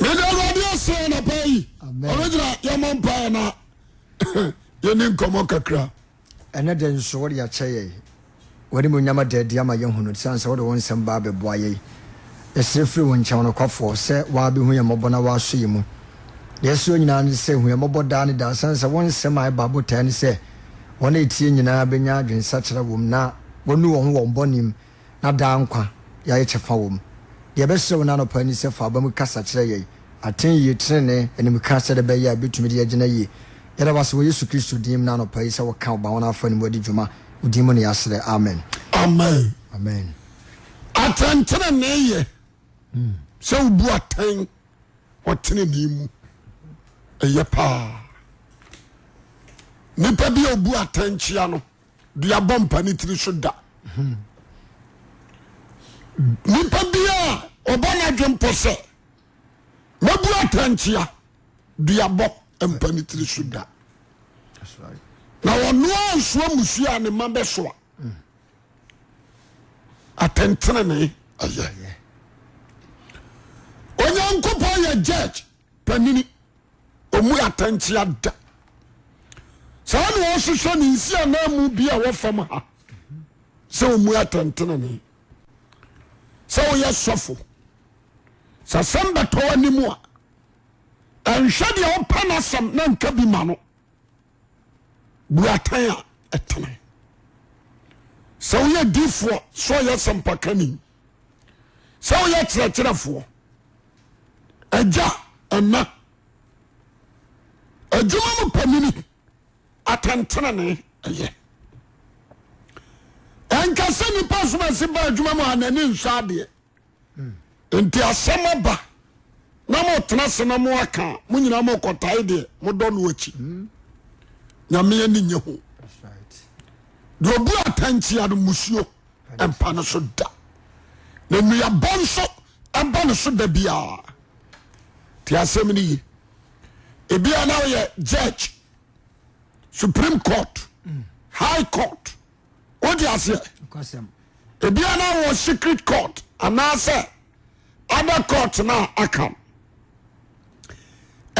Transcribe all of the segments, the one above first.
mede awurade asɛ anapa yi ɔno gyina yɛmɔ mpaɛ na yɛni nkɔmmɔ kakra ɛnɛ de nso wode yɛakyɛ yɛi wade mu nyama daadi ama yɛhunu siane sɛ wode wo nsɛm baa bɛboa yɛi yɛsrɛ firi wo nkyɛn nokwafoɔ sɛ waabɛhu yɛ mmɔbɔ na waasɔ yɛ mu yɛsrɛ nyinaa ne sɛ hu yɛ mmɔbɔ daa ne daa siane sɛ nsɛm a ɛba botae ne sɛ wɔn a ɛtie nyinaa bɛnya adwensakyerɛ wɔ na wɔnu wɔn wɔn bɔne mu na daa nkwa yɛayɛ kyɛfa wɔ yɛbɛhyɛ wo nanɔpa ni sɛ fa aba kasa kyerɛ yɛi aten yie tenene animka sɛ de bɛyɛ a bɛtumi de agyina yie yɛda ba wɔ yesu kristo din mu nanɔpa yi sɛ wɔka woba wɔn afa nimu adi dwuma wodin mu ne yɛaserɛ amen amen amen atɛntene ne yɛ hmm. sɛ wobu atɛn ɔtene ne mu ɛyɛ paa nipa bi a obu atɛnkyia no duabɔ mpa ne tiri so da hmm. nipa bi a ɔbɔ no adwe mpo sɛ mabu atankyea duabɔ mpani so da na ɔnoa nsua musua a ne ma bɛsoa atentenene ɛyɛ onyankopɔn yɛ judge panini ɔmu atankyea da saa ne wɔhwehwɛ ne nsi anaa mu bi a wɔfam ha sɛ ɔmu atentenene sɛ woyɛ sɔfo sɛ sɛm bɛtɔ wo ani mu a ɛnhwɛ deɛ wopa neasɛm na anka bi ma no buraatan a ɛtena sɛ woyɛ difoɔ sɛ ɔyɛ sɛmpa kanim sɛ woyɛ kyerɛkyerɛfoɔ agya ɛna adwuma mo pamini atenterane ɛyɛ ɛnkasɛ nipa somsi baa adwuma mu anani nsadeɛ nti asɛm ɔba na moɔtena se na mo akaa mo yina moɛkɔtae deɛ modɔ no wakyi nyameɛ ne yɛ ho duobu atantia no musuo ɛmpa no so da nanuyɛbɔ nso ɛbɔ no so da biara nti asɛm no yi bia na woyɛ judge supreme court mm. high court wode aseɛ bia na wwɔ secrit court anaasɛ other court na aka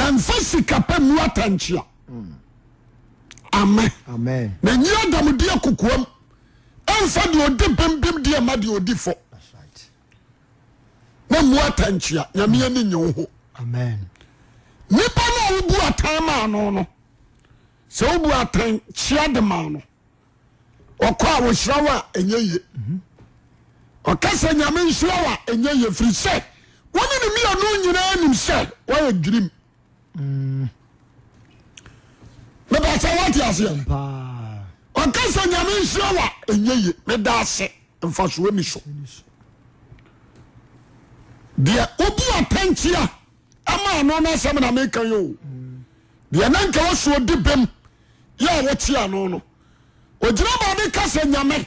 ɛmfa sika pa mu atankyia amen na nyi adamudeɛ kokoam ɛmfa deɛ ɔdi bembem deɛ ma deɛ ɔdi fɔ na mu atankyia nyame ani nye wo ho nipa no a wobu atan maa no no sɛ wobu atan kyia de maa no ɔkɔ a wɔhyira wo a ɛnyɛ yie mm-hmm ɔkasɛ nyame nsoa wa ɛnyɛ yɛfiri sɛ wone nemiano nyinaa nim sɛ woyɛ dwirim mebɛsɛ woteaseɛ ɔkasɛ nyame nsoa wa ɛnyɛ ye meda ase mfasoa mi so deɛ wobi apankyia ama ano no asɛm na meka yɛ o deɛ na nka wosoɔ di bem yɛ a wote ano no ogyina baade ka nyame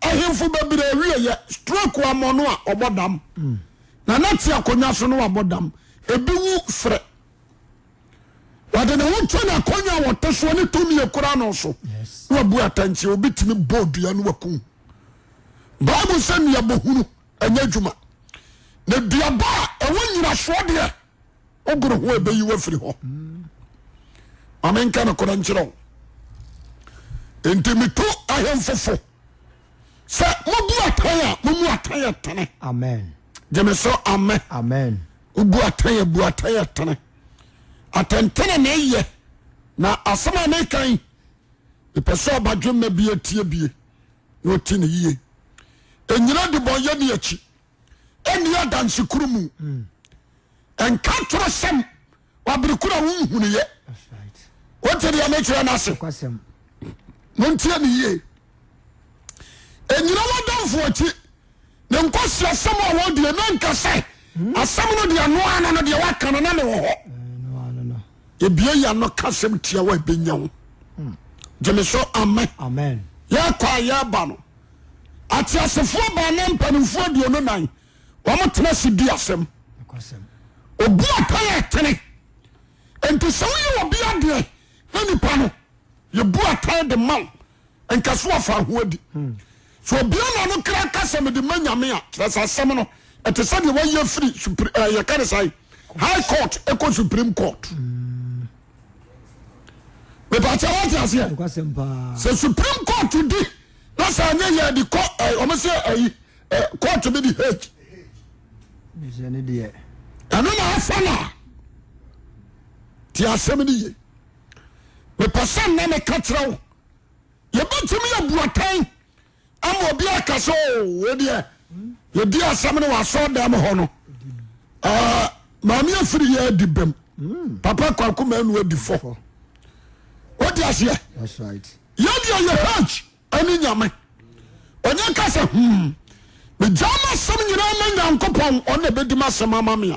ahemfo bebree wieyɛ stroke wa no a ɔbɔ dam na na te akonnwa so no wabɔ dam ebi wu frɛ wɔde ne ho ne akonnwa a wɔte soɔ ne tumi yɛ kura no so na wabu atankye obi tumi bɔ dua no wakum bible sɛ nnuaba hunu ɛnyɛ adwuma na duaba a ɛwɔ nyinasoɔ deɛ wogoro ho ɛbɛyi wafiri hɔ amenka no kora nkyerɛ wo enti meto ahemfofo sɛ mobu atan a momu atan tene deme so ame obuateabu ataatene atentene ne ye na asemamekan epɛso abadoma bi tie bie te yina deboye ni aki eni adansikoro mu nka toro sem wabere kuroa wohuneye wotedeame twerɛ no se montieneye ɛnyina wɔdamfoɔ akyi ne nkɔ si asɛm a wɔdeɛ na nka sɛ asɛm no deɛ noa no no deɛ woaka no na ne wɔ hɔ ebie yɛ no kasɛm tia wɔ ɛbɛnya wo gyeme so amen yɛkɔ a yɛba no ateasefoɔ baa ne mpanimfoɔ aduonu nan wɔmo tena se di asɛm obi atɔyɛ tene nti sɛ woyɛ obi adeɛ na nipa no yɛbu atare de ma wo nkaso afa ho adi hmm so obia na ɔno kra kasa mede ma nyame a kyerɛ sɛ asɛm no ɛte sɛdeɛ wayɛ firi eh, yɛkare sae high court ɛkɔ supreme court mepɛkyɛ wote aseɛ sɛ supreme court di na sɛ anyɛ yɛ de eh, ɔmo sɛ ayi eh, court bi de hage ɛno na afa no a nti asɛm no ye mepɛ sɛ nna meka kyerɛ wo yɛbɛtumi yɛ buatan ama obi aka sɛ wodeɛ yɛdi asɛm no wɔasɔ dam hɔ no maame afiri yɛ adi bam hmm. papa kwako maanu adi fɔ wode aseɛ yɛdeɛ yɛ haj ane nyame ɔnyɛ ka sɛ hmm megya ma asɛm nyinaa ma nyankopɔn ɔne bɛdi ma asɛm ama me a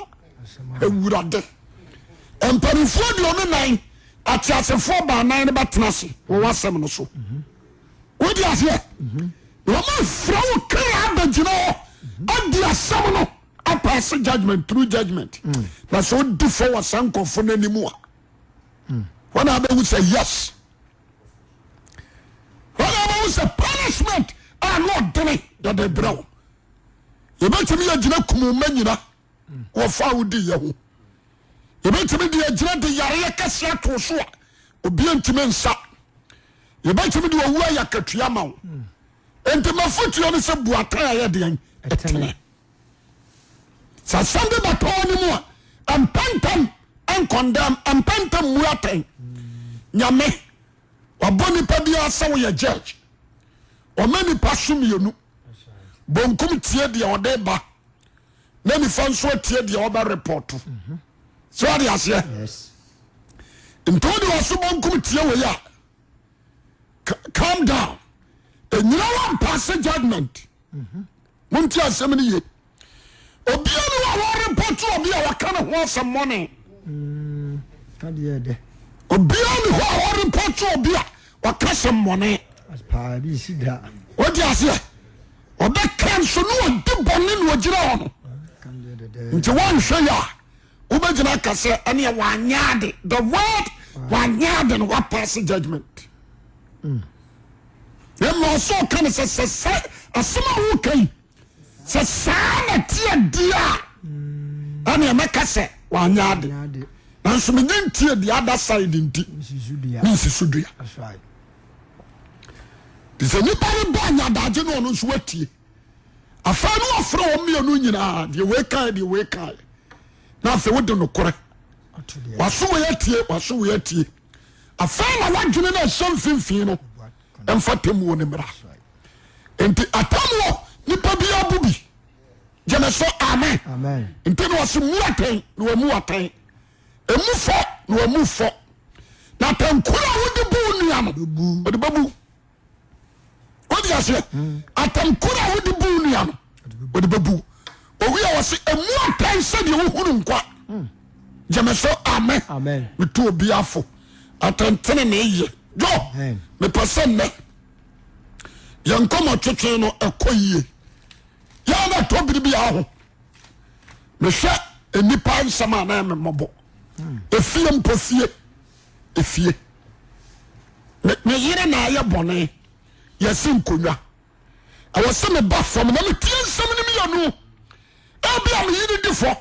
awurade mpanimfoɔ deɛ ɔno nan wɔma fra wo kra abagyina hɔ adi asɛm no apɛse judgment through judgment na sɛ wodi fɔ wɔ sa nkɔfo no anim a wɔne abɛwu sɛ yes wɔne abɛwu sɛ punishment a ne ɔdene yɛde berɛ wo yɛbɛtumi yɛgyina kumuma nyina wɔfa wodi yɛ ho yɛbɛtumi de yɛgyina de yareɛ kɛseɛ too so a obia ntumi nsa yɛbɛtumi de wɔwu ayɛ akatua ma wo mm. mafotu n sɛ buatyɛdɛ sɛsm bapnomu a pant nkoptmmuat yame abɔ nipadiaasɛ woyɛ jurge ɔma nipa somnu bnk tie deɛ debananifa nsoat deɛ podeɛntiodewso bk tieeyicom dwn ɛnyina wampase judgment monti asɛm no ye obia ne wa wɔrepoto obi a wɔka ne ho asɛm mɔne obia ne hɔ a wɔrepoto obi a wɔka sɛm mɔne wode aseɛ ɔbɛka nso ne wɔdi di ne wɔgyina hɔ no nti woanhwɛ yɛ a wobɛgyina ka sɛ ɛneɛ wɔanyaade the word wɔanyaade no woapase judgment mm yɛma ɔsɛ ɔka no sɛ sɛ sɛ asɛm a woka yi sɛ saa na teɛ di a mm. ɛne ɛmɛka sɛ wanyɛ ade nanso menye ntie deɛ ada side nti mensi so dua nti sɛ nnipa no bɔ anyadagye no ɔno nso watie afa no wɔfrɛ wɔ mmienu nyinaa deɛ weekae deɛ weekae na afei wode nokorɛ waso wei atie waso wei atie afa na woadwene no ɛhyɛ mfimfii no mnti atamo nipa bia bubi yemeso a ntnsmuate nmut mu fo nmu f takrodeb na deb dis atakorodeb na odeb ws muate sedounkwa gmeso a tfotteyejepase yɛnkɔmɔ twetwe no ɛkɔ yie yɛdatɔbiri biaho mehwɛ nipa nsɛm anmemmɔfie mpo fie fie meyere naayɛbɔne yɛsenkonua ɛwɔ sɛ meba famna metie nsɛm nom yanu ɛbia meyeredi fo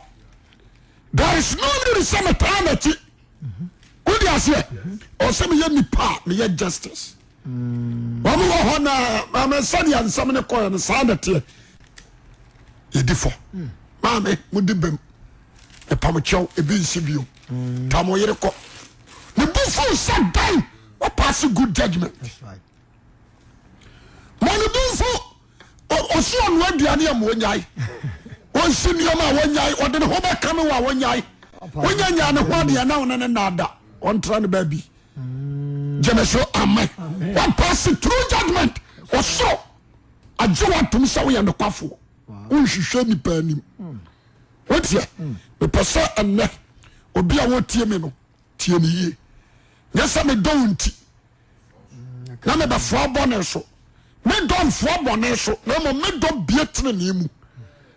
bars nonere sɛ metaadati wodiaseɛ ɔwɔ sɛ meyɛ nipa a meyɛ justice wɔn wɔ hɔ na maame sɛdeɛ nsɛm ne kɔɛ no saa na teɛ yɛdi fɔ maame mo di bɛm ɛpamokyɛw ebi nsi bio tamo yere kɔ ne bu fun sɛ dan wɔpaase good judgement mɔni bi nso ɔsi ɔnua aduane ɛmu onyae ɔnsi nneɛma a wɔnyae ɔde ne ho bɛka mi wɔ a wɔnyae wɔnyanyaa ne ho adeɛ na ɔne ne naada ɔntra ne baabi. Mm gyemɛso amen wapɛse true judgment ɔsoro agye watom sɛ woyɛ nokwafoɔ wonhwehwɛ nipa anim hmm. wotiɛ hmm. mepɛ sɛ ɛnɛ obi a wotie me no tie me yie nyɛ sɛ medɔ wo nti hmm, na mebɛfoa bɔne so medɔ mfoa bɔne so na mmom medɔ bie tenene mu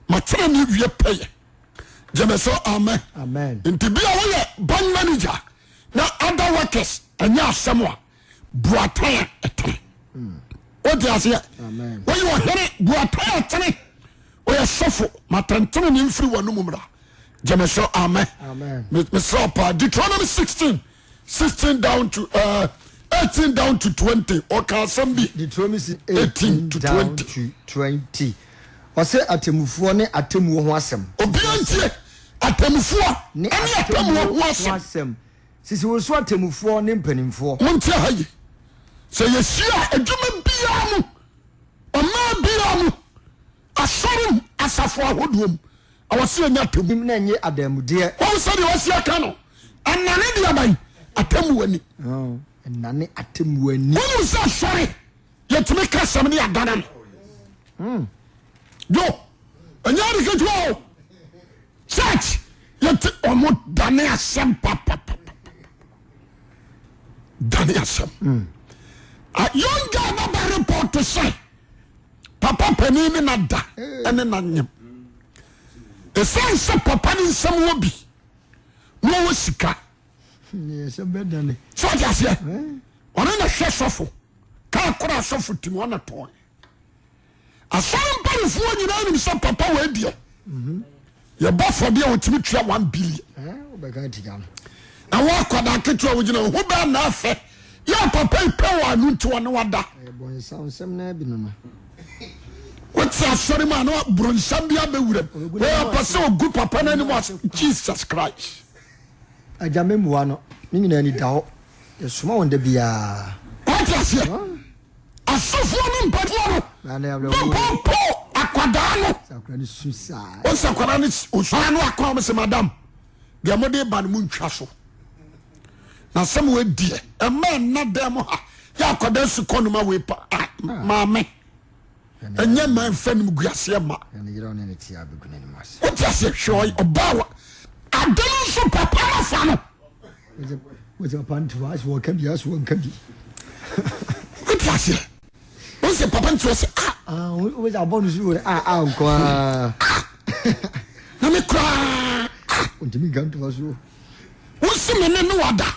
matena ne wie pɛyɛ gyemɛ so amen nti bi a woyɛ bank manager na other workers ɛnyɛ asɛm a boatan a ɛtene wote aseɛ woyɛ ɔhene boatan a tene woyɛ sɔfo matantene ne mfiri wɔ no mu mmra gyeme amen mesrɛ paa deuteronomy 16 16 down to uh, 18 down to 20 ɔka asɛm bi deuteronomy 18 to 20 20 ɔsɛ atemmufoɔ ne atemmuo ho asɛm obia ntie atemmufoɔ ne atemmuo ho asɛm sisi wɔ so atemmufoɔ ne mpanimfoɔ. monti ha yi sɛ yɛhyia adwuma biara mu ɔmaa biara mu asɔre mu asafo ahodoɔ mu awɔsi ɛnyɛ atemmu. nim na nye adamudeɛ. wɔn sɛ deɛ wɔsi aka no anane deɛ aban atemmu wani. ɛnane atemmu wani. wɔn sɛ asɔre yɛtumi kasam ne adana no. Hmm. yo ɛnyɛ adeketewa o church yɛte ɔmo dane asɛm papapa dane asɛm yonga naba report sɛ papa pani ne nada ne nayem ɛsiane sɛ papa no nsɛm wɔ bi eh? na ɔwɔ sika sɛ ɔdeaseɛ ɔne na hwɛ sɔfo kaa kora sɔfo timi ɔne tɔe asɔre mpanifoɔ nyinaa nim sɛ papa wɔadiɛ yɛbɔ fɔdeɛ wɔtumi tua 1 billion eh, na wọ́n akwadaa ketewa wọ́n gyina ọ̀hún bẹ́ẹ̀ náà fẹ́ yẹ papa yi pẹ́ wọ́n anu tiwọn ni wọ́n da. wọ́n ti asọ́rí mu àná buronsá bíi abẹ́wúrẹ́ wọ́n yà pẹ́ sẹ́ ogun papa náà ni wọ́n Jesus Christ. ẹja mẹ́muwa no ne nyinaa ni da hɔ yɛsoma wɔn dɛ biara. wọ́n ti aseɛ asọ́fọ́ ni mpẹ́tọ́ no bọ́ọ̀pọ̀ akwadaa no wọ́n sọ akwadaa ni osuara no akọ́ ọmọ sẹ́ madam deɛ mo de ba ni mo ntwa so na sɛm wadiɛ ɛma nna dɛn mu ha yɛ akɔda su kɔ noma wei pa ah, ah. maame ɛnyɛ ma mfa nim guaseɛ ma wote aseɛ hwɛ ɔba wa adɛm nso papa no fa no wote aseɛ wosɛ papa ntiwɔ ah. sɛ na me koraa wosɛ me ne ne wada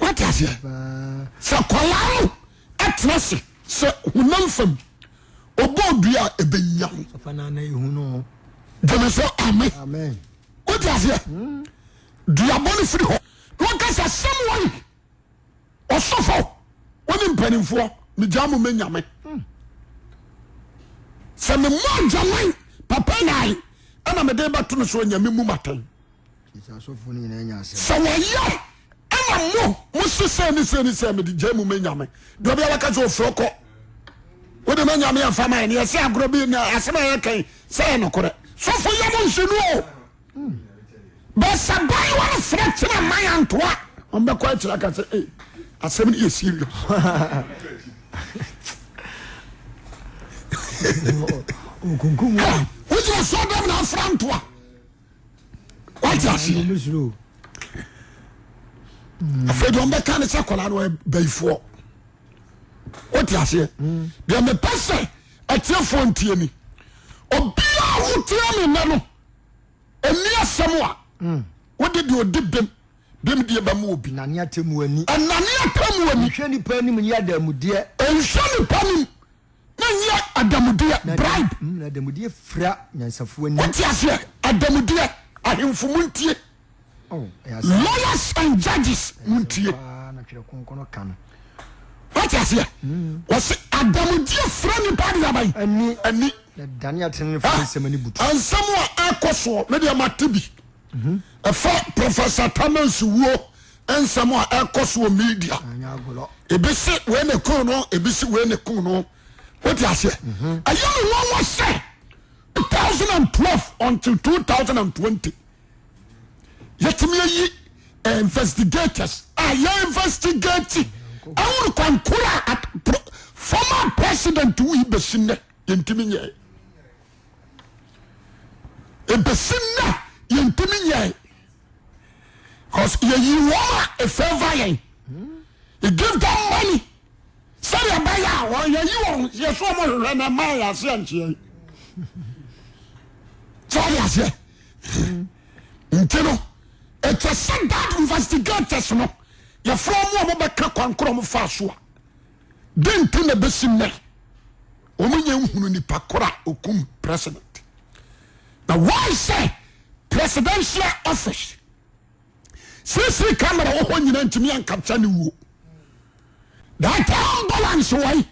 wate aseɛ sɛ kɔlaa no ɛtena se sɛ honam fam ɔbɔ dua a ɛbɛnya ho gyeme so ame wote aseɛ duabɔne firi hɔ na wɔka sɛ sɛmwɔi ɔsofo wone mpanimfoɔ megya mo mɛnyame sɛ memmɔ agyaman papa nae ɛna mede bɛto no so ɔnyame mu matan sɛ wɔyɛ ɛna mo mo se sɛ ne sɛ ne sɛ mede gya mu mɛnyame deɛ ɔbia waka sɛ ɔfuro kɔ wode mɛnyame amfa ma ɛne ɛsɛ agorɔ bi na asɛm a yɛkan sɛ yɛ nokorɛ sɔfo yɛ mo nhyɛnu o bɛsɛ bae ah, wa no frɛ kyena ma yɛ ntoa ɔmbɛkɔ akyerɛ ka sɛ asɛm no yɛ serious wogyina sɛ dɛm na afra ntoa wáyé aseɛ hmm. afei deɛ ɔmbɛka ne sɛ kɔla no bɛyifoɔ wote aseɛ hmm. deɛ mepɛ sɛ atiefoɔ ntie ni obiaa wotia me nɛ no ɛni asɛm a hmm. wode deɛ ɔdi bem bem deɛ bɛma obi ɛnane atamuani ɛnhwɛ nipa nim nyɛ adamudeɛ na nyɛ adamudeɛ bribe wote aseɛ adamudeɛ ahemfo mu ntie oh, lawyers and judges mu ntie ah, wọ́n ti aseɛ mm. wọ́n si adamudiɛ fura nipa de yaba yi ani ani ah, ansamu a akɔ soɔ ne de ɛma tibi mhm. ɛfɛ professor tamasi wuo ansamu a akɔ soɔ media ah, ebi si wei ne kun no ebi si wei ne kun no wọ́n ti aseɛ mhm. ɛyɛ mi wɔn wɔ sɛ two thousand and twelve until two thousand and twenty yɛtumi ayi eh, investigators a yɛ investigate awore kwankoro a former president woyi bɛsi nnɛ yɛntumi nyɛe ɛbɛsi nnɛ yɛntumi nyɛe because yɛyi wɔn a ɛfɛɛfa yɛn you give them money sɛdeɛ ɛbɛyɛ a wɔn yɛyi wɔn yɛsɔ wɔn hwehwɛ na ɛma yɛ ase ankyɛn sɛ ɔde aseɛ ɛkyɛ sɛ that investigators no yɛfrɛ mu a mobɛka kwankorɔ mo faa so a de nti na bɛsi nnɛ ɔmanya nhunu nipa koro a ɔkum president na wɔn sɛ presidential office sisiri camera wɔ hɔ nyina ntumi ankata ne wuo data balance wɔi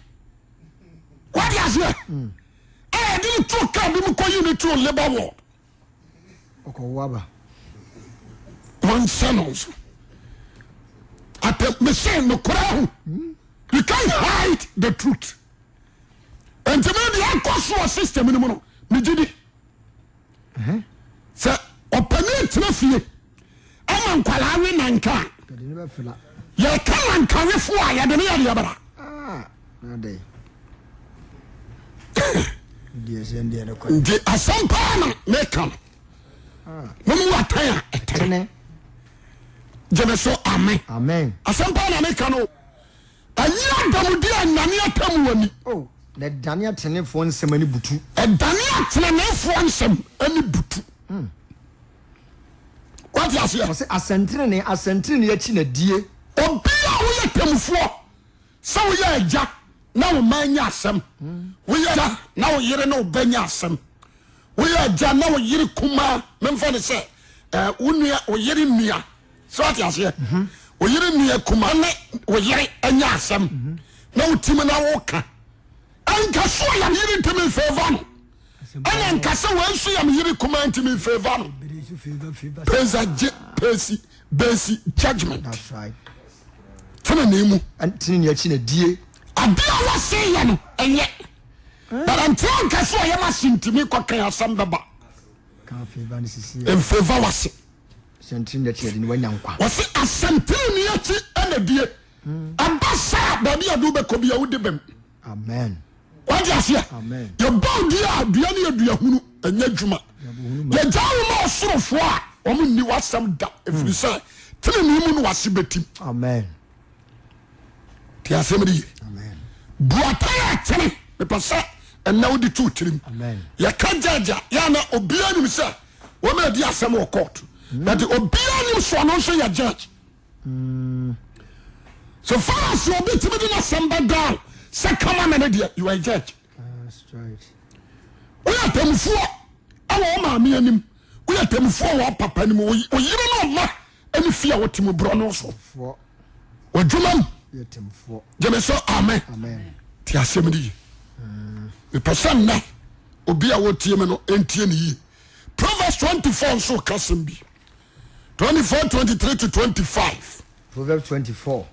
wade aseɛ ɛyɛ de ne tuo kaa bi mu kɔyi ne tuo labor ward nous no nso mesɛ ho you can't hide the truth de akɔ soɔ system no mu no megye di sɛ fie ama nkwalaa we nanka a yɛka nankawefoɔ a ne yɛde yɛbra nti na gyeme so Amen. asɛmpa na meka no ɛyɛ adamudi a nyame atam wani ɛdane oh, atenefoɔ nsɛm ani butu ɛdane atenenefoɔ nsɛm ani butu hmm. wate aseɛ asɛnterene asɛnterene akyi na die obi a woyɛ tamfoɔ sɛ woyɛ agya na wo ma nya asɛm hmm. woyɛ agya na wo yere na wo ba nya asɛm woyɛ agya na wo yere kumaa memfa ne sɛ wo yere nnua sɛwataseɛ oyere nnea koma ne woyere nya asɛm na wotimi no woka nkasɛ yam yere ntimi feva no ɛne nkasɛ waanso yam yere koma ntimi feva no pesaye psi besi judgment fonenemue abia wa seyɛ no ɛyɛ but anti nkasɛ ɔyama sentimi kɔkan asɛm bɛbamfeva wase wɔse asɛmtireni akyi anadie aba saa baabi ade wobɛkɔ bia wode bam wade aseɛ dua hunu ma a da ɛfiri sɛ tenene mu no wase bɛtim nti asɛm de ye buatae akyene mepɛ sɛ ɛnɛ wode tirim yɛka gyagya yɛana obiaa nim sɛ wɔmaadi asɛm wɔ court that obiara nim so ɔno nso yɛ judge so far as obi tí mi di na samba down sɛ kama na ne deɛ you are a judge woyɛ atemfuo ɛwɔ wɔn maame anim woyɛ atemfuo wɔ papa anim oyiri na ɔma ɛni fi a wɔte mu borɔ no so juma. mu gyeme so amen te asɛm di. yi mepɛ mm. sɛ obi a wɔtie mu no ɛntie ne yie proverbs twenty four nso kasɛm bi. 24 23 to 25. Proverbs 24.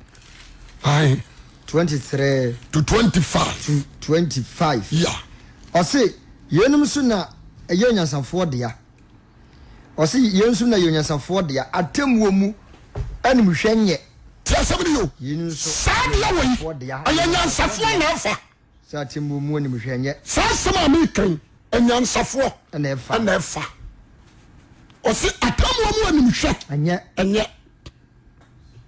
Aye. 23 to 25. to 25. Yeah. Ɔse yɛnum so na ɛyɛ onyansafoɔ dea. Ɔse yɛnum so na yɛ onyansafoɔ dea. Atem wɔ mu ɛnum hwɛ nyɛ. Tí a sẹ́mi ni o. Yɛnum so. Sáà ni ɛwɔ yi. Ɛyɛ onyansafoɔ na ɛfa. Sáà atem wɔ mu ɛnum hwɛ nyɛ. Sáà sẹ́mi àmì kan ɛnyansafoɔ. Ɛna ɛfa. Ɛna ɛfa ɔsi atamuwa mu animhwɛ. ɛnyɛ ɛnyɛ.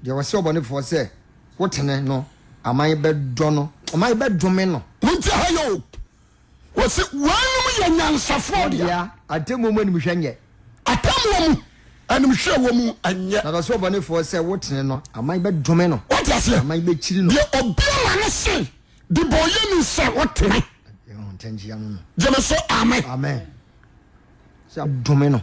deɛ wɔsi ɔbɔnifoɔ sɛ wotene no aman bɛ dɔ no aman bɛ dome no. mun ti ha yɛ o wɔsi wɔn yɛ nyansafoɔ de a. atamuwa mu animhwɛ nyɛ. atamuwa mu animhwɛ wɔ mu ɛnyɛ. na wɔsi ɔbɔnifoɔ sɛ wotene no aman bɛ dome no. wɔti aseɛ aman bɛ kyiri no. deɛ obiara ne se de bɔ yɛ ni sɛ wotene. jẹmẹsọ amen. amen. sɛ dome no.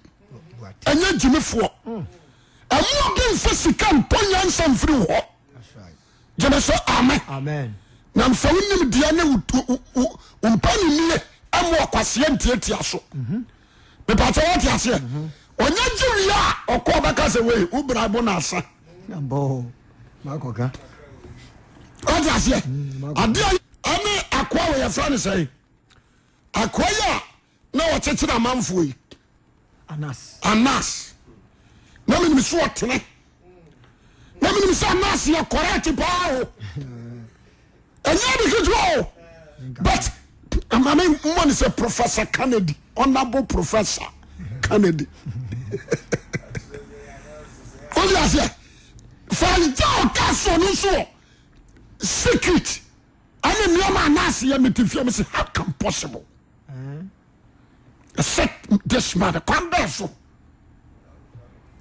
ɛnyɛ gyimifoɔ ɛmoa bi mfa sika mpɔ nyansa mfiri hɔ gyeme sɛ amen na mfa wonim deɛ ne mpa ne nie ɛmo ɔkwaseɛ ntiatia so mepakyɛ mhm. wote aseɛ ɔnyɛ gye mhm. wie a ɔkɔ bɛka sɛ wei wobra bo no asa wote aseɛ adeɛ ɛne akoa wɔyɛfra no sɛe akoa yi a na wɔkyekyere amanfoɔ yi anas na menim sɛ ɔtene na menim sɛ anas yɛ correct paa o ɛnyɛ de ketewa o but amame mmɔ ne sɛ professor kennedy honorable professor kennedy wọ́n yà sẹ́ fàlìjà ọ̀ká sọ ní sọ secret ẹni ní ọmọ anáàsì yẹn mi ti fi ẹ mi how can possible ɛsɛ desmad kwan bɛɛ so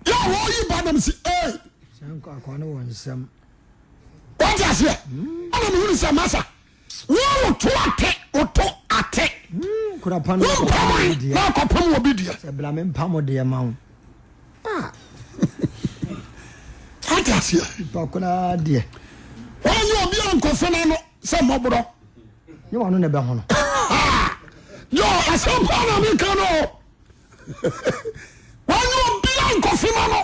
yɛ wɔyi ba nam si ee wɔnte aseɛ ɛna mehunu sɛ masa wowoto ate woto ate wompamɔe na akɔpam wɔ bi deɛ ate aseɛ wɔnyɛ obia nkɔfe no no sɛ mmɔborɔ nyɛ wɔno ne bɛhono yọ asɛm paa na meka no wɔnyɛ obia nkɔfema no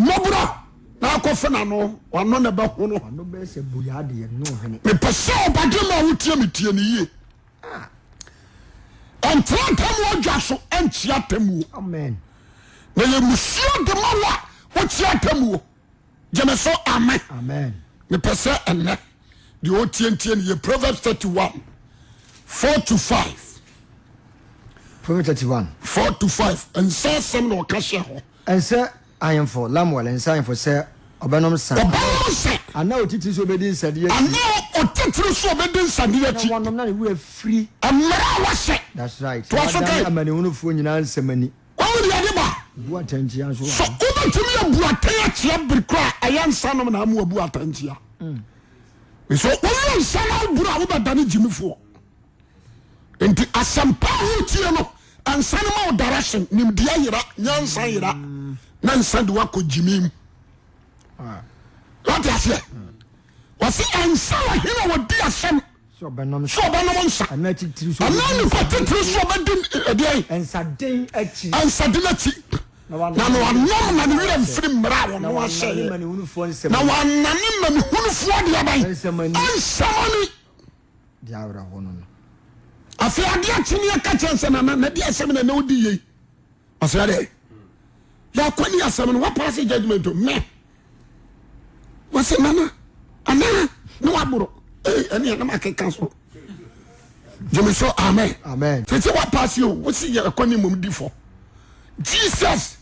mmɔborɔ na akɔfe na no wano ne bɛho no mepɛ sɛ ɔbade ma wotie metie ne yie ɔntera ntam wɔdwa so ankyia tamuo na yɛmusuo de ma wo a wokyia tamuo gyeme so amen mepɛ sɛ ɛnɛ deɛ ɔtientie no yɛ proverbs 31 four to five proverbs thirty one. four to five And say I am for hɔ. ɛnsɛ ayɛnfo lamuel nsa ayɛnfo sɛ ɔbɛnom sa. ɔbɛnom sa. ana otitiri so bɛ di nsadeɛ akyi. ana otitiri so bɛ di nsadeɛ akyi. na wɔnom na ne wura firi. mmerɛ wɔhyɛ. that's right. to aso kai. amanihunfoɔ nyinaa nsɛmani. wɔn mu yɛde ba. buatan kyia So wa. sɔ wobɛtumi yɛ buatan akyia birikura ɛyɛ nsa nom na amu wɔ buatan kyia. nso So yɛ nsa na aburo a dani wɔbɛdane gyimifoɔ nti asɛmpa wotie no ansa no ma wo direction nimdeɛ yera nyansa yera na nsa de woakɔ gyimi mu wate aseɛ wɔse ansa ɔhene wɔdi asɛm sɛ ɔbɛnom nsa ana nipa titiri so ɔbɛdi ɛdeɛ ansaden akyi na wɔanom na ne werɛ mfiri mmara a wɔno ahyɛeɛ na wɔanane manehunufoɔ deɛ bɛn ansɛm ani afei ade akyeneɛ ka kyerɛ nana na di asɛm na na wodi yei ɔsrɛ dɛ yɛakɔni asɛm no woapaase judgment me wɔsɛ nana ana ne woaboro ɛneɛ na makeka so gyeme so amen sɛ sɛ o wosi yɛ ɛkɔne mmom difɔ jesus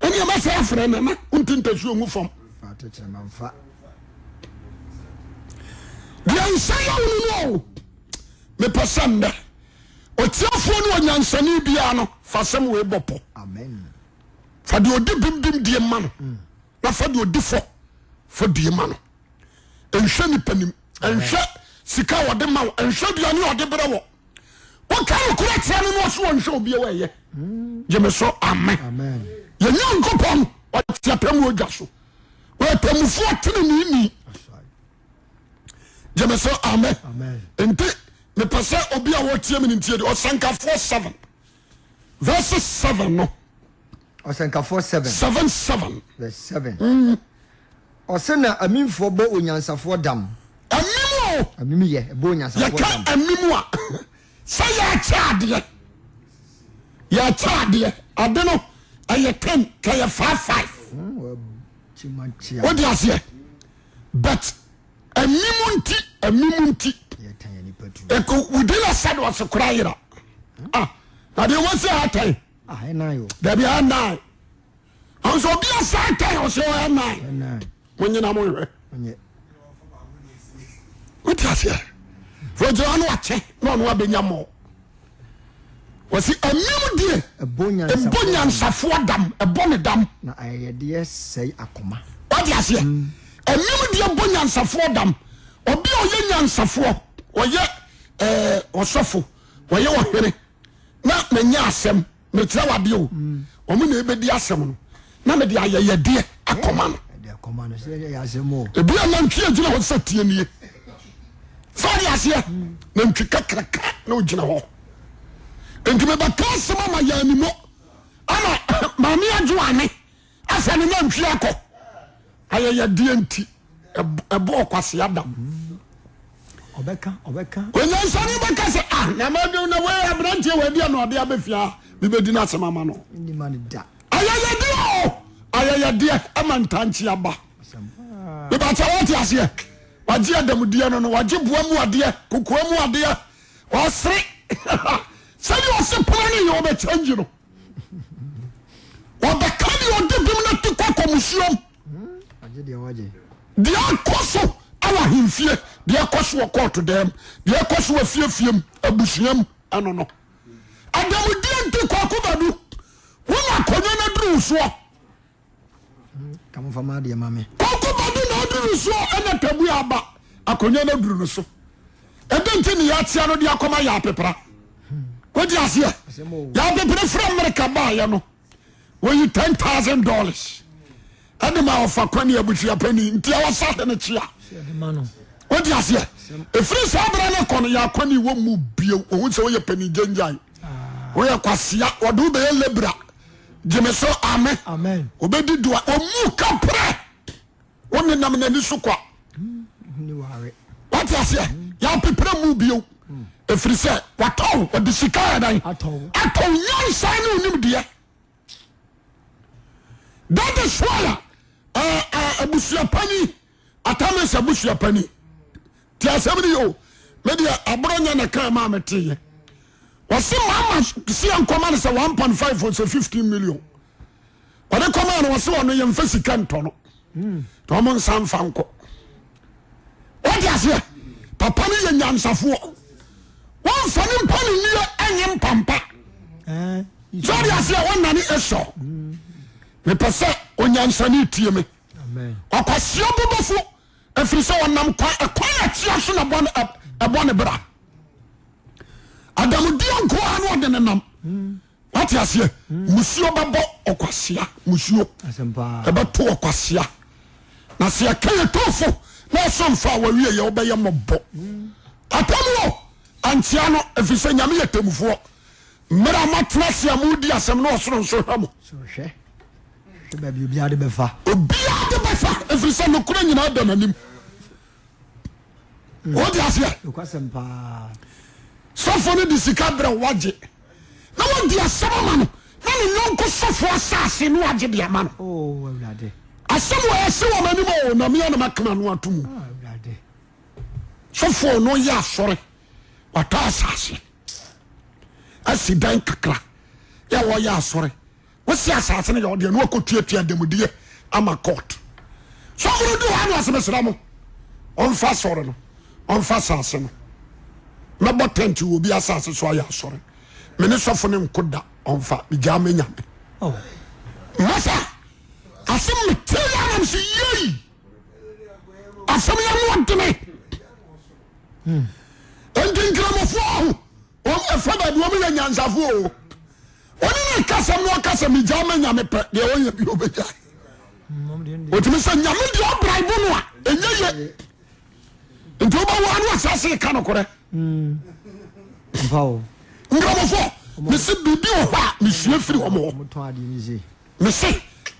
ɛneɛ masɛ afrɛ nana wontintasuo ngu fam deɛ nsa yɛ wo no no mepɛ sɛndɛ ɔtiafoɔ no ɔnyansane bia no fasɛm weɛbɔpɔ fadeɔde b maodeff a nhwɛ npani nhwɛ sika dma nhwɛ bianeɔd erɛw otɛns nhwɛ obiawayɛ gyemso am yna nkpɔ apmdwasomfoenn gso mepɛ sɛ obi a wɔtie me no ntie de ɔsɛnkafoɔ 7 verse 7 no ɔsɛnkafoɔ 7 7 7 verse 7 ɔsɛ na amimfoɔ bɔ onyansafoɔ dam amim o amim yɛ ɛbɔ onyansafoɔ dam yɛka amim a sɛ yɛakyɛ adeɛ yɛakyɛ adeɛ ade no ɛyɛ 10 ka yɛ wode aseɛ but amim nti amim nti Eko, wòde na sadi wɔ se kura yira a na deɛ wɔn se atan dabi a nan nso obi a se atan ɔsɛ ɔyɛ nan mo nyina mo hwɛ wote aseɛ fɔgyina ɔno akyɛ na ɔno abɛnya mɔ wɔsi ɛmiw die ɛbɔ nyansafoɔ dam ɛbɔ ne dam na ayɛyɛdeɛ sɛe akoma wote mm. aseɛ ɛmiw die bɔ nyansafoɔ dam obi a ɔyɛ nyansafoɔ ɔsɔfo eh, wɔyɛ ɔhwere na manya asɛm merekyerɛ wadeɛ o ɔmo na ɛbɛdi asɛm no na mede ayɛyɛdeɛ akɔma no ebia nantwi agyina hɔ sɛ tie nie sɛde aseɛ nantwi kakraka na ogyina hɔ nti mebɛka asɛm ama yɛ animɔ ama maame agye wane afa ne nantwi akɔ ayɛyɛdeɛ nti ɛbɔɔ kwasea dam ɔbɛka ɔbɛka. onyansani bɛ kasa a nyama bi na wɔyɛ abiranteɛ wɔ adi ɛna ɔde abɛfia bi bɛ na asɛm ama no. ndima ni da. ayɛyɛdeɛ o ayɛyɛdeɛ ɛma ntankye aba bibata wɔte aseɛ wagye adamudeɛ no no wagye bua mu adeɛ kokoa mu adeɛ wɔsere sɛdeɛ ɔse poma no yɛ wɔbɛkyɛngye no wɔbɛka deɛ ɔde bim no te kɔkɔ musuom deɛ akɔ so awa hemfie deɛ ɛkɔ so wɔ kɔɔto dam deɛ ɛkɔ so wɔ fiefiem abusuam ɛno no adamudeɛ nti kɔɔko badu wona akɔnya no aduru soɔ kɔɔko badu na aduru soɔ ɛna tabu aba akɔnya no aduru no so ɛdɛ nti ne yɛatea no de akɔma yɛ apepra wodi aseɛ yɛ apepra fra mmereka baayɛ no wɔyi thousand dollars ɛnema ɔfa kwane abusua pani nti awɔsa de no kyea wode aseɛ ɛfiri saa bera no kɔ no yɛakwane wɔ mu bio ohu sɛ woyɛ pani gyangyae woyɛ ah. kwasea wɔde wobɛyɛ labra gyeme so ame obɛdi doa ɔmu kaprɛ wo ne nam n'ani so kwa wate aseɛ yɛapeprɛ mu bio ɛfiri hmm. sɛ watɔw ɔde sika ɛdan atɔw nyansa ni onim deɛ that is abusuapani atamɛsɛ abusuapani ti asɛm ne yɛo medeɛ aborɔ nya na ka ma meteyɛ wɔse mama si nkɔma no sɛ 1.5 sɛ 15 million ɔde kɔma no wɔse wɔno yɛmfa sika ntɔ no nti ɔmo nsa nkɔ wɔde aseɛ papa ni yɛ nyansafoɔ wɔmfa ne mpa ne nniɛ ɛnyɛ mpampa eh. sɛ wɔde aseɛ wɔnane ɛsɔ epɛ sɛ oyansane tie me akwasia bobofo ɛfiri sɛ onam ka kɛ tia seno bɔne bra adamdinko n denenam ɛmnafɛyaɛfɛaeasamdisɛm nsoronsoɛm obiaa de bɛfa ɛfiri sɛ nokora nyinaa da nanim mm. wode aseɛ sɔfo no de sika berɛ wagye na wode asɛm ma no na ne yɔnko sɔfo asase no wagye de ama no asɛm wɔɛse wɔ m'anim o namea na makama no ato mu ah, sɔfo no yɛ asɔre watɔ asase asi dan kakra yɛ wɔyɛ asɔre wosi asase no yɛwɔdeɛ ne wakɔtuatua dɛmudeɛ ama court sɔforo du hɔ ne wasemesra mo ɔmfa sɔre no ɔmfa asase no mɛbɔ tent wɔ bi asase so ayɛ asɔre mene sɔfo ne nko da ɔmfa megyaa oh. me nyame masa asɛm mete yɛ anam so yei asɛm yɛ moɔdene hmm. ɛnti nkramofoɔ ho ɛfa baabi wɔmyɛ nyansafoɔ o ɔne ah, ne kasɛm no ɔkasɛ megyaa ma nyame pɛ deɛ ɔyɛ bi ɔbɛgya ɔtumi sɛ nyame deɛ ɔbraibo no a ɛnyɛ ye nti wobɛwoa ne asase ka nokorɛ nkramɔfoɔ mese biribi wɔ hɔ a mesua firi hɔ mɔ mese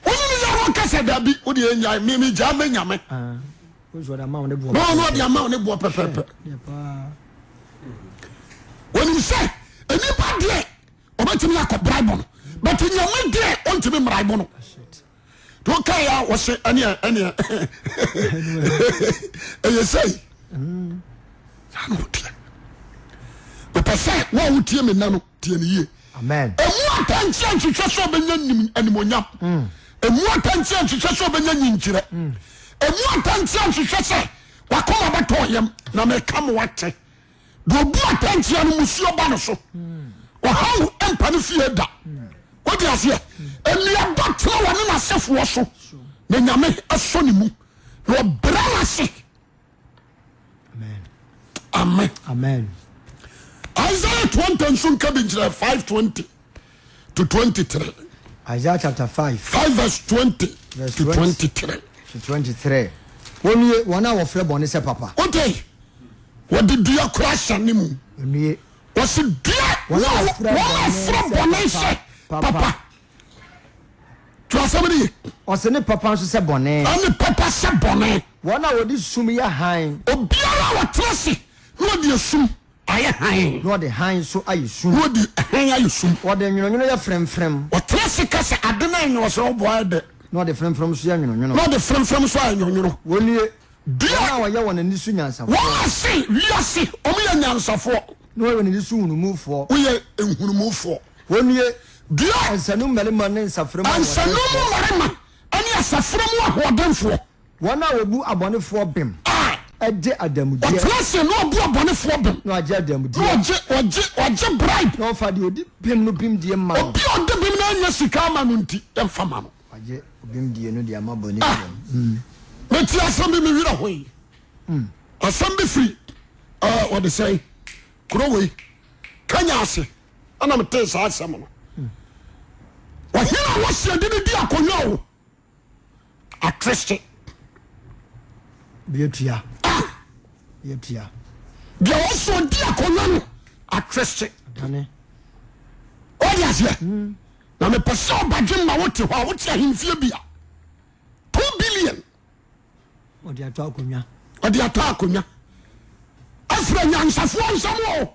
wone ne yɛ hɔ kasɛ daabi wode ɛnya megyaa ma nyame ɔne ɔde ama wo ne boɔ pɛpɛpɛ wonim sɛ ɛnipa deɛ ntimi ɛkɔ bra bno but yame deɛ ɔntimi mrabono kaɛsnɛyɛsɛɛsɛ wotiemnan muaantia ntwewɛ ɛnymana ntwwɛ yrm aia ntwewɛsɛ kmabɛtɔyam na maka maate do obu atantia no musi ba no so hmm. ɔhaw mpa no fie da wode aseɛ anua ba tena wɔ ne n'asefoɔ so na nyame ɛsɔ ne mu na ɔbrɛ n'ase amen isaiah 20 nso nka bi nkyerɛ 520 to 23 isaiah chapter 5 5 verse 20 verse to 23 to 23 wɔnue wɔn a wɔfrɛ bɔne sɛ papa wote wɔde dua kora hyɛ ne mu wɔse dua wọn afiri bọne nhyɛ papa tí wàá sábẹ nìyẹ. ọ̀sẹ̀ ni papa nso sẹ bọ̀nẹ́. ọ̀ni papa sẹ bọ̀nẹ́. wọn a wòde sum yẹ han. obiara wà tẹ́lẹ̀ sí ni wọ́n di esum ayɛ hann. na ɔde hann nso ayɛ sum. na ɔde hann ayɛ sum. ɔde nwinonwino yɛ frɛmfrɛm. ɔtena se kasa ade na ɛnyɛ ɔsɛ ɔbɔ ayɛ dɛ. na ɔde frɛmfrɛm nso yɛ nwinonwino. na ɔde frɛmfrɛm nso ayɛ nwinonwino. wɔn nie. bia wɔn a wɔyɛ wɔn ani so nyansafoɔ. wɔn ase wiase ɔmo yɛ nyansafoɔ na wɔyɛ ne so nhunumufoɔ woyɛ nhunumufoɔ wɔnue dua ansanu mmarima ne nsafrɛ mu ansanu mmarima ne asafrɛ mu ahoɔdenfoɔ wɔn a wɔbu abɔnefoɔ bem ɛgye adamudeɛ ɔpilasi ni ɔbu abɔnefoɔ bem na ɔgye adamudeɛ na ɔgye ɔgye ɔgye bribe na ɔfa deɛ ɔdi bem no bem deɛ ma obi a ɔdi bem na anya sika ama no nti ɛnfa ma no ɔgye bem deɛ no deɛ ama bɔ ne fam hmm. mɛti asɛm bi mi wira hɔ yi hmm. asɛm bi firi ɔde sɛn. kurowei kanya ase anamtee saa asɛm no ɔhene a wɔsiade no di akonnwa o atreste deɛ wɔsɔ di akonnwa no atreste ɔde aseɛ na mepɛ sɛ ɔbadwe ma wote hɔ a wote ahemfie bia two billion ɔde atɔ akonnwa ɛfrɛ nyansafoɔ nsɛm o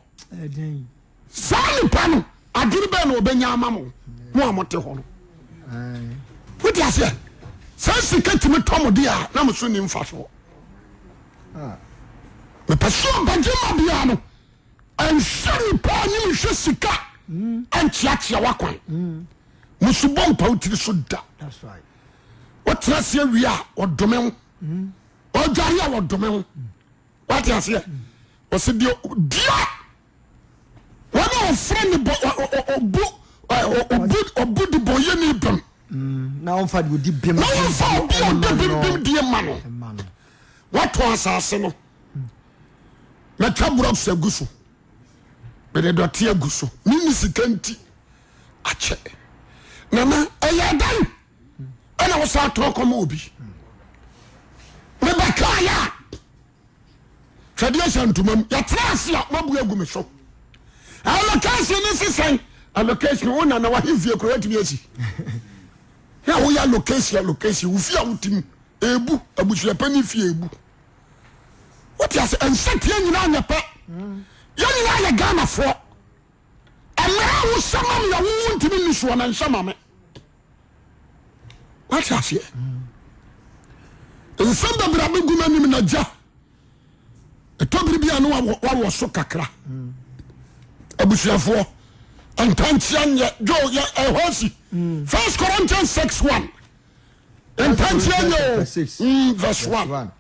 saa nipa no adwene bɛɛ na ɔbɛnya ama mo mo a mote hɔ no wode aseɛ saa sika tumi tɔ mo de a na moso ni mfa soɔ ah. mepɛ so ɔbagye ma bia no ɛnhyɛ nipa nyimhwɛ sika mm. ɛnkyeakyea wakwan musubɔ mm. mpa wo tiri so da wotena aseɛ wie a wɔdome wo mm. ɔdware a wɔdome wo wate aseɛ osɛdeɛ dia wɔne ɔfreneɔbo de bɔ ye ne bemna omfa obi ode m dee mano wato asase no meta boraso agu so bededete agu so ne ni sika nti akyɛ nana yɛ dan ɛna wosa toro kɔma obi mebɛkaya sɛdeɛ hyɛ ntoma mu yɛtena ase a agu me so allocation ne sesɛn allocation wo nana wahe fie kora watumi asi na woyɛ allocation allocation a wotim ne fie wote ase yɛnyinaa yɛ ghanafoɔ m yɛwowo ntimi ni soɔ me aseɛ mm. nsɛm bɛgu m'anim na gya ɛtɔbiri bia ne wawɔ so kakra abusuafoɔ ntankyea nyɛ jo yɛ ɛhɔsi first corinthians six one, ntankyea nyɛ o mm, verse one,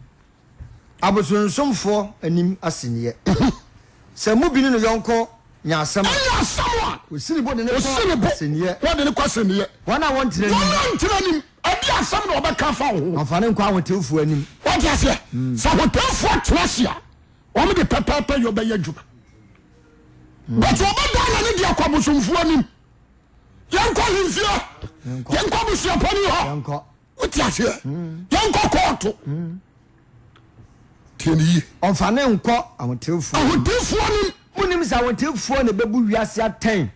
abosonsomfoɔ anim aseneɛ sɛ mu bi ne no yɔnkɔ nya asɛm ɛyɛ asɛm a osini bo de ne kɔ aseneɛ wɔde ne kɔ aseneɛ wɔn a wɔn ntena nim wɔn a ntena nim ɛbi asɛm na ɔbɛka fa wo ho amfani nkɔ ahotefoɔ anim wɔte aseɛ mm. sɛ ahotefoɔ tena se a wɔn de pɛpɛɛpɛ yɛ ɔbɛyɛ adwuma but ɔbɛdan mhm. na ne de akɔ abosomfoɔ nim yɛnkɔ hemfie yɛnkɔ abusuapɔne hɔ wote aseɛ yɛnkɔ kɔɔto tiɛniyi ɔmfa ne nkɔ ahotefoɔ ahotefoɔ nim monim sɛ ahotefoɔ ne bɛbu wiase atɛn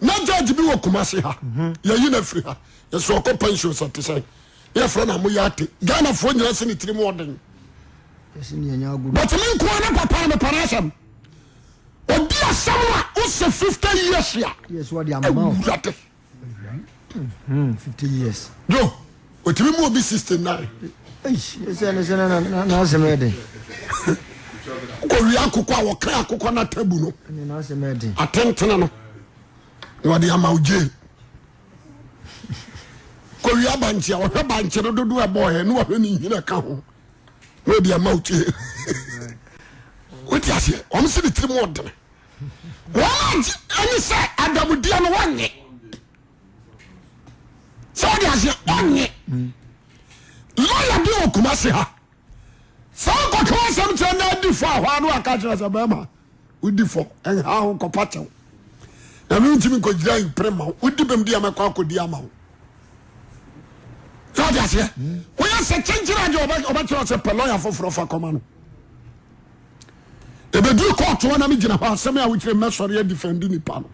na gyagye bi wɔ kuma se ha yɛyi no afiri ha yɛsɛ ɔkɔ pension sɛ te sɛ yɛfrɛ no moyɛ ate ghanafoɔ nyina sɛ ne tirim ɔden bɛtumi nko ne papa ne pɛne asɛm ɔdi asɛm a wosɛ 50 years aawurade hmm, yo ɔtumi mu obi 69 wokɔwie akokɔ a wɔkra akokɔ no atabu no atentene no na wɔde ama wo gyee kɔwie abankye a wɔhwɛ bankye no dodoɔ ɛbɔɔɛ ne wɔhwɛ ne nyina ka ho wọ́n di ama otie wọ́n ti aseɛ wɔn si ne tiri mu ɔdini wɔn agye ɛni sɛ adamudiɛ no wɔn nye sɛ wɔn di aseɛ wɔn nye lɔya bi wɔ kuma se ha sáwọn kọkọ asẹm tí wọn náà di fọ àwọn àánú àkàtúntà sẹ bẹẹ ma ó di fọ ẹnha ahọ kọpa tẹw ẹnu ntumi nkọ gyina ìpèrè ma ó di bẹẹ mu di ama kọ akọ di ama o sɛ kyenkyere agye ɔbɛkyerɛ sɛ pɛ lɔya foforɔ fa kɔma no ɛbɛduru kɔɔtoɔ na megyina hɔ asɛm a wokyerɛ mɛsɔre adifɛndi nipa no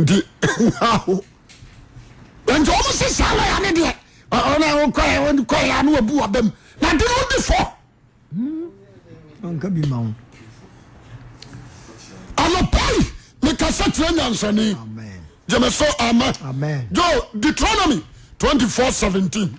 nti ho nti ɔmo se saa lɔya ne deɛ ɔna wokɔɛ kɔɛ ne wabu wabam na de no wodi fɔ anka bi ma wo anɔpai mekasa kyerɛ nyansane gyeme so ama jo deuteronomy 24 17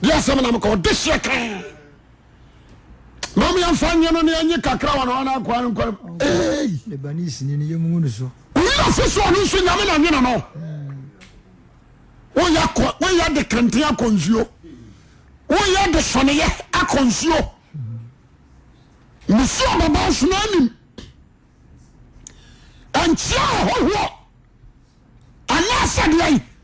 deɛ asɛm nam ka ɔde hyeɛ ka mam yɛmfa nyɛ no ne ɛnye kakra wa na ɔna akoa no nkwa woyɛ fi soɔ no nso nyame na nwene no woyɛ de kente akɔ nsuo woyɛ de sɔneyɛ akɔ nsuo mesu ɔbaba nsona anim ɛnkyea ɔhɔhoɔ anaasɛ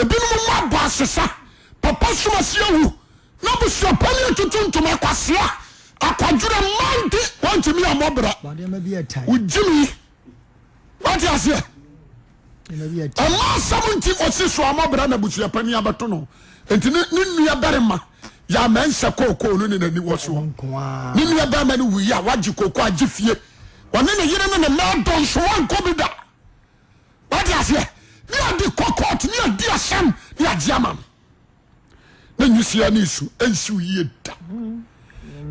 ebinom mu abɔ asesa papa somasi awu na busuapɔne atutu ntoma kwasea akwadwerɛ mante wantumi amɔbrɛ wogyimi wate aseɛ ɛma asɛm nti ɔsi so amɔbrɛ na busuapani abɛto no enti ne nnua bɛrema yà mẹ n sẹ kookoo ní nani wọ so nínú ẹ bẹẹ mẹ ni wuyi a wàjì kookoo àjì fie wọn ní ne yẹn ní ne mẹ dọ̀nso wọn kọ́ bi da wọ́n ti ne ade kɔkɔɔto ne adi asɛm ne agye ama no ne nwusia ne nsu ɛnsiw yie da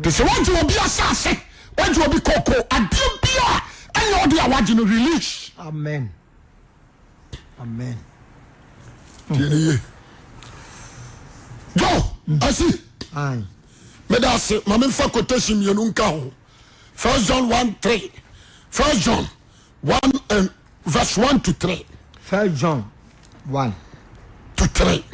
nti sɛ wogye obi asase wogye obi kɔkɔɔ adeɛ bia ɛnyɛ wode a wagye release amen amen tiɛne ye jo asi mede ase ma memfa quotation mmienu nka ho first john one three. first john one and verse one to three first john one to three.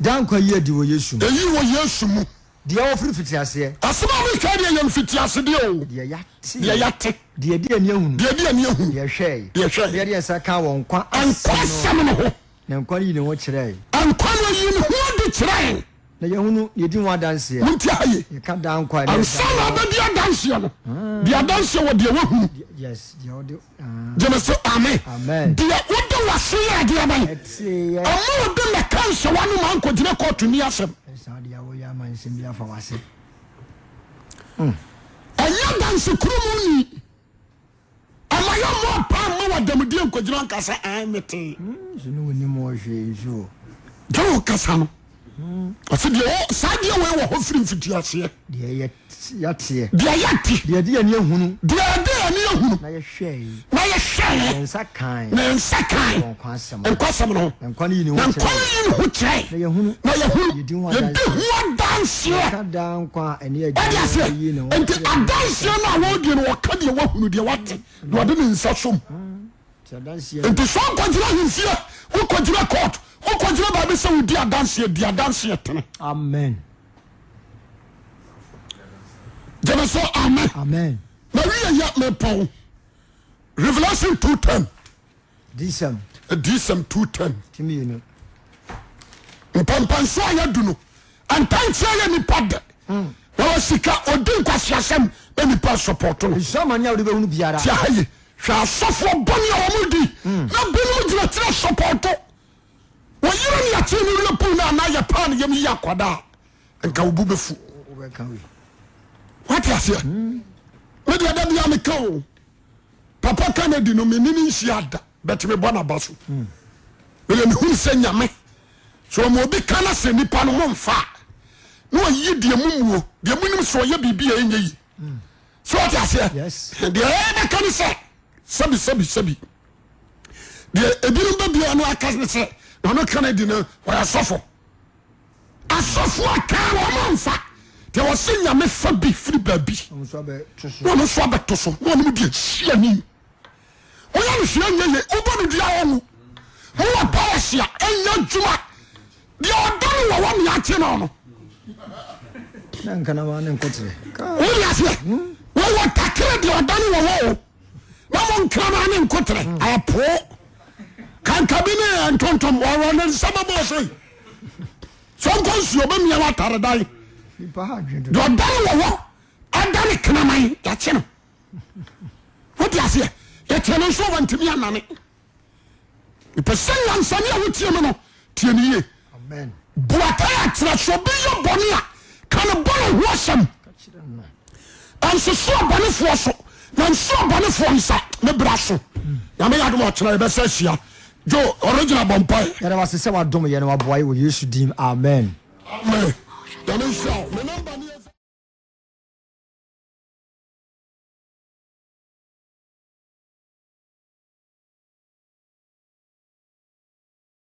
dankwa yi edi wɔ yesu mu. eyi wɔ yesu mu. deɛ wɔfiri fiti aseɛ. asoma mi ka deɛ yɛn fiti ase deɛ o. deɛ yate. deɛ yate. deɛ di ani ehun. deɛ di ani ehun. deɛ hwɛ yi. deɛ hwɛ yi. deɛ deɛ nsa kan wɔ nkwa asɛm no. nkwa asɛm no ho. na nkwa yi ni wɔn kyerɛ yi. nkwa yi ni wɔn de kyerɛ yi na yɛhunu yɛdi ho adanseɛ wonti aye yɛka daa nkwa ansa na wobɛdi adanseɛ no deɛ adanseɛ wɔ deɛ wohunu gyeme so ame deɛ wode ah. wase yɛ adeɛ bae ɔma wode mɛka nsɛwa no ma nkɔgyina kɔɔto ni asɛm hmm. ɛnyɛ danse kuro mu ni ama yɛ mmoa paa ma wɔdamdeɛ nkɔgyina nkasa ametee hmm, gye wo kasa no ɔsi deɛ ɔ saa deɛ wɔ hɔ firi mfiti aseɛ. deɛ yɛ yateɛ. deɛ yate. deɛ di yɛn ni ehunu. deɛ di yɛn ni ehunu. na yɛ hwɛ yi. na yɛ hwɛ yi. na kan. na kan. nkwa asɛm no. ni yi ni ho kyerɛ. na ni yi ni ho kyerɛ. na yɛ hunu. na yɛ hunu. yɛ di ho adanseɛ. yɛ di ho adanseɛ. ɔdi aseɛ nti adanseɛ naa wɔn di no wɔka deɛ wɔhunu deɛ wate na wɔde nsa som. Mm. nti sɔn kɔgyina ahimfie wɔn kɔgyina kɔɔto wokɔgyina baabi sɛ wodi adanseɛ di adanseɛ tene amen gyeme so amen na wiyɛyɛ mepɔw revelation 210 dsɛm dsɛm 210 mpampanso a yɛadu no antankyerɛ yɛ nipa dɛ hmm. na wasika odi nkwaseasɛm na nipa sɔpɔto no hwɛ asɔfoɔ bɔne a wɔmudi hmm. na binom la à sɔpɔto wɔyere ne yɛkyere no werɛ pu no anaa yɛpaa no yam yi akwadaa nka wo bu bɛfu wate aseɛ medeɛ da bia meka o papa canady no menni ne nhyia ada bɛtumi bɔ naba so mede mehunu sɛ nyame sɛ ɔma obi ka no sɛ nnipa no momfa a na ɔyi deɛ mu muo deɛ munim sɛ ɔyɛ biribi a ɛnyɛ yi sɛ wate aseɛ deɛ ɛyɛ bɛka no sɛ sɛbi sɛbi sɛbi deɛ ebinom ɔno aka ne sɛ ɔno kennedy no ɔyɛ asɔfo asɔfo aka wɔma mfa deɛ wɔse nyame fa bi firi baabi na ɔno nso abɛto so na ɔnom deɛ hyia ni woyɛ no hyia nyɛ ye wobɔ dua wɔ mu mowɔ powers a ɛnyɛ adwuma deɛ ɔdɔ no wɔ wɔ meakye no no wode aseɛ wɔwɔ takere deɛ ɔdɔ wɔ wɔ o na monkra no ane nkotere hmm. ayɛ poo nkabi ne toto e sas sonkosi emia taredaa ns aee ao kebesesia jo original bɔmpae yɛrɛ wase sɛ wadom yɛ no waboa yɛ wɔ yesu dim amen amen dane hyɛ me namba